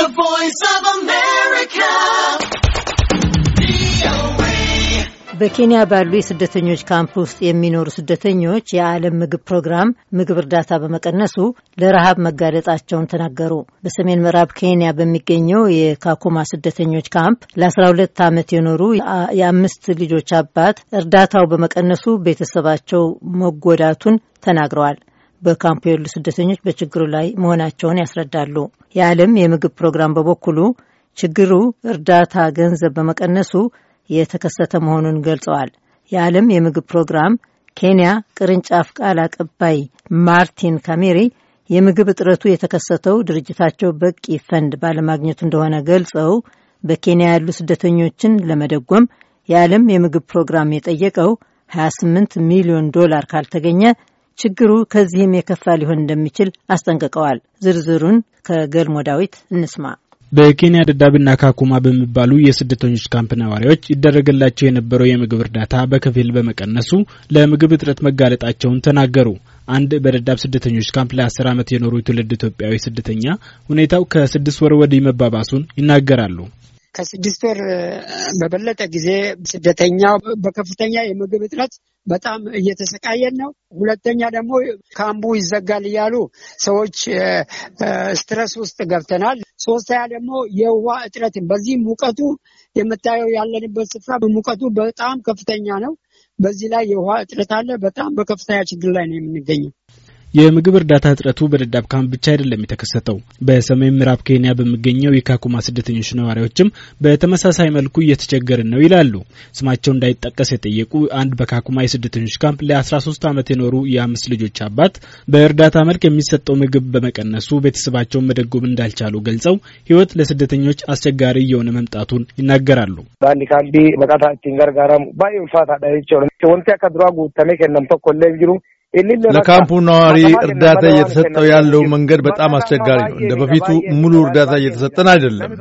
The Voice of America. በኬንያ ባሉ የስደተኞች ካምፕ ውስጥ የሚኖሩ ስደተኞች የዓለም ምግብ ፕሮግራም ምግብ እርዳታ በመቀነሱ ለረሃብ መጋለጣቸውን ተናገሩ። በሰሜን ምዕራብ ኬንያ በሚገኘው የካኩማ ስደተኞች ካምፕ ለ12 ዓመት የኖሩ የአምስት ልጆች አባት እርዳታው በመቀነሱ ቤተሰባቸው መጎዳቱን ተናግረዋል። በካምፕ ያሉ ስደተኞች በችግሩ ላይ መሆናቸውን ያስረዳሉ። የዓለም የምግብ ፕሮግራም በበኩሉ ችግሩ እርዳታ ገንዘብ በመቀነሱ የተከሰተ መሆኑን ገልጸዋል። የዓለም የምግብ ፕሮግራም ኬንያ ቅርንጫፍ ቃል አቀባይ ማርቲን ካሜሪ የምግብ እጥረቱ የተከሰተው ድርጅታቸው በቂ ፈንድ ባለማግኘቱ እንደሆነ ገልጸው በኬንያ ያሉ ስደተኞችን ለመደጎም የዓለም የምግብ ፕሮግራም የጠየቀው 28 ሚሊዮን ዶላር ካልተገኘ ችግሩ ከዚህም የከፋ ሊሆን እንደሚችል አስጠንቅቀዋል። ዝርዝሩን ከገልሞ ዳዊት እንስማ። በኬንያ ደዳብና ካኩማ በሚባሉ የስደተኞች ካምፕ ነዋሪዎች ይደረግላቸው የነበረው የምግብ እርዳታ በከፊል በመቀነሱ ለምግብ እጥረት መጋለጣቸውን ተናገሩ። አንድ በደዳብ ስደተኞች ካምፕ ለአስር ዓመት የኖሩ ትውልድ ኢትዮጵያዊ ስደተኛ ሁኔታው ከስድስት ወር ወዲህ መባባሱን ይናገራሉ። ከስድስት ወር በበለጠ ጊዜ ስደተኛው በከፍተኛ የምግብ እጥረት በጣም እየተሰቃየን ነው። ሁለተኛ ደግሞ ካምቡ ይዘጋል እያሉ ሰዎች ስትረስ ውስጥ ገብተናል። ሶስተኛ ደግሞ የውሃ እጥረትን በዚህ ሙቀቱ የምታየው ያለንበት ስፍራ ሙቀቱ በጣም ከፍተኛ ነው። በዚህ ላይ የውሃ እጥረት አለ። በጣም በከፍተኛ ችግር ላይ ነው የምንገኘው። የምግብ እርዳታ እጥረቱ በደዳብ ካምፕ ብቻ አይደለም የተከሰተው። በሰሜን ምዕራብ ኬንያ በሚገኘው የካኩማ ስደተኞች ነዋሪዎችም በተመሳሳይ መልኩ እየተቸገርን ነው ይላሉ። ስማቸው እንዳይጠቀስ የጠየቁ አንድ በካኩማ የስደተኞች ካምፕ ለ13 ዓመት የኖሩ የአምስት ልጆች አባት በእርዳታ መልክ የሚሰጠው ምግብ በመቀነሱ ቤተሰባቸውን መደጎም እንዳልቻሉ ገልጸው ሕይወት ለስደተኞች አስቸጋሪ እየሆነ መምጣቱን ይናገራሉ። ባንዲካምቢ መጣታችን ጋርጋራ ባይ ልፋት አዳይቸው ወንቲያ አካድሯ ጉተሜ ከነም ተኮሌ ጅሩ ለካምፑ ነዋሪ እርዳታ እየተሰጠው ያለው መንገድ በጣም አስቸጋሪ ነው። እንደ በፊቱ ሙሉ እርዳታ እየተሰጠን አይደለም።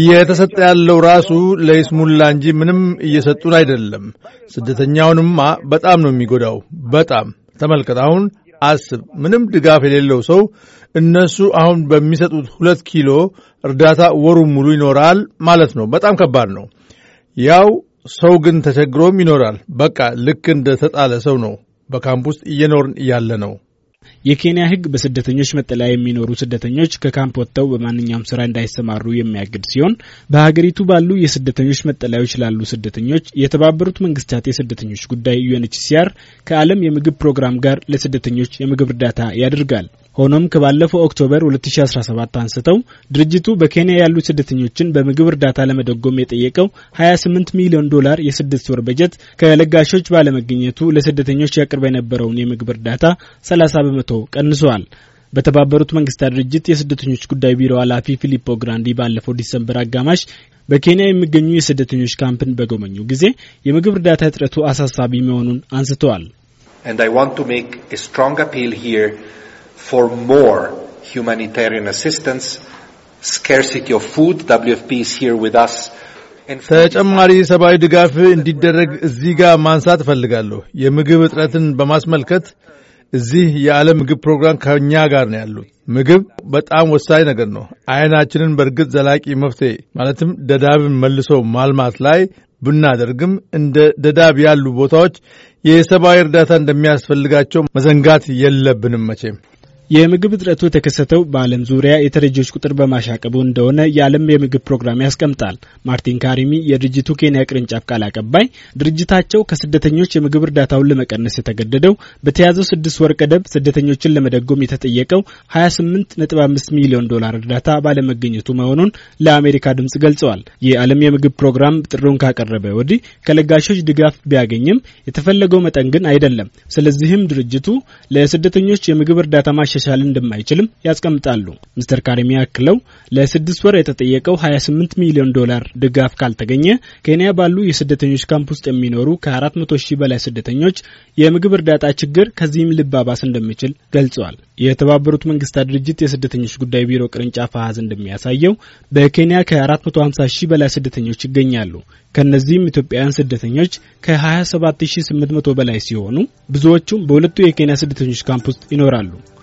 እየተሰጠ ያለው ራሱ ለይስሙላ እንጂ ምንም እየሰጡን አይደለም። ስደተኛውንማ በጣም ነው የሚጎዳው። በጣም ተመልከት። አሁን አስብ፣ ምንም ድጋፍ የሌለው ሰው እነሱ አሁን በሚሰጡት ሁለት ኪሎ እርዳታ ወሩ ሙሉ ይኖራል ማለት ነው። በጣም ከባድ ነው። ያው ሰው ግን ተቸግሮም ይኖራል። በቃ ልክ እንደ ተጣለ ሰው ነው። በካምፕ ውስጥ እየኖርን እያለ ነው። የኬንያ ሕግ በስደተኞች መጠለያ የሚኖሩ ስደተኞች ከካምፕ ወጥተው በማንኛውም ስራ እንዳይሰማሩ የሚያግድ ሲሆን በሀገሪቱ ባሉ የስደተኞች መጠለያዎች ላሉ ስደተኞች የተባበሩት መንግስታት የስደተኞች ጉዳይ ዩኤንኤችሲአር ከዓለም የምግብ ፕሮግራም ጋር ለስደተኞች የምግብ እርዳታ ያደርጋል። ሆኖም ከባለፈው ኦክቶበር 2017 አንስተው ድርጅቱ በኬንያ ያሉ ስደተኞችን በምግብ እርዳታ ለመደጎም የጠየቀው 28 ሚሊዮን ዶላር የስድስት ወር በጀት ከለጋሾች ባለመገኘቱ ለስደተኞች ያቅርብ የነበረውን የምግብ እርዳታ 30 በመቶ ቀንሷል። በተባበሩት መንግስታት ድርጅት የስደተኞች ጉዳይ ቢሮ ኃላፊ ፊሊፖ ግራንዲ ባለፈው ዲሰምበር አጋማሽ በኬንያ የሚገኙ የስደተኞች ካምፕን በጎበኙ ጊዜ የምግብ እርዳታ እጥረቱ አሳሳቢ መሆኑን አንስተዋል። for more humanitarian assistance. Scarcity of food. WFP is here with us. ተጨማሪ ሰብአዊ ድጋፍ እንዲደረግ እዚህ ጋር ማንሳት እፈልጋለሁ። የምግብ እጥረትን በማስመልከት እዚህ የዓለም ምግብ ፕሮግራም ከእኛ ጋር ነው ያሉት። ምግብ በጣም ወሳኝ ነገር ነው። አይናችንን በእርግጥ ዘላቂ መፍትሄ ማለትም ደዳብን መልሶ ማልማት ላይ ብናደርግም እንደ ደዳብ ያሉ ቦታዎች የሰብአዊ እርዳታ እንደሚያስፈልጋቸው መዘንጋት የለብንም መቼም የምግብ እጥረቱ የተከሰተው በዓለም ዙሪያ የተረጂዎች ቁጥር በማሻቀቡ እንደሆነ የዓለም የምግብ ፕሮግራም ያስቀምጣል። ማርቲን ካሪሚ የድርጅቱ ኬንያ ቅርንጫፍ ቃል አቀባይ ድርጅታቸው ከስደተኞች የምግብ እርዳታውን ለመቀነስ የተገደደው በተያዘው ስድስት ወር ቀደም ስደተኞችን ለመደጎም የተጠየቀው 28.5 ሚሊዮን ዶላር እርዳታ ባለመገኘቱ መሆኑን ለአሜሪካ ድምጽ ገልጸዋል። የዓለም የምግብ ፕሮግራም ጥሪውን ካቀረበ ወዲህ ከለጋሾች ድጋፍ ቢያገኝም የተፈለገው መጠን ግን አይደለም። ስለዚህም ድርጅቱ ለስደተኞች የምግብ እርዳታ ማሻ ማሻሻል እንደማይችልም ያስቀምጣሉ። ሚስተር ካሪሚ ያክለው ለስድስት ወር የተጠየቀው 28 ሚሊዮን ዶላር ድጋፍ ካልተገኘ ኬንያ ባሉ የስደተኞች ካምፕ ውስጥ የሚኖሩ ከ400 ሺህ በላይ ስደተኞች የምግብ እርዳታ ችግር ከዚህም ልባባስ እንደሚችል ገልጸዋል። የተባበሩት መንግስታት ድርጅት የስደተኞች ጉዳይ ቢሮ ቅርንጫፍ አሃዝ እንደሚያሳየው በኬንያ ከ450 ሺህ በላይ ስደተኞች ይገኛሉ። ከእነዚህም ኢትዮጵያውያን ስደተኞች ከ27800 በላይ ሲሆኑ ብዙዎቹም በሁለቱ የኬንያ ስደተኞች ካምፕ ውስጥ ይኖራሉ።